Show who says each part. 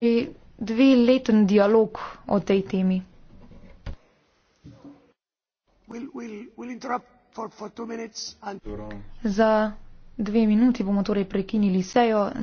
Speaker 1: dve leten dialog o tej temi.
Speaker 2: Za dve minuti bomo torej prekinili sejo.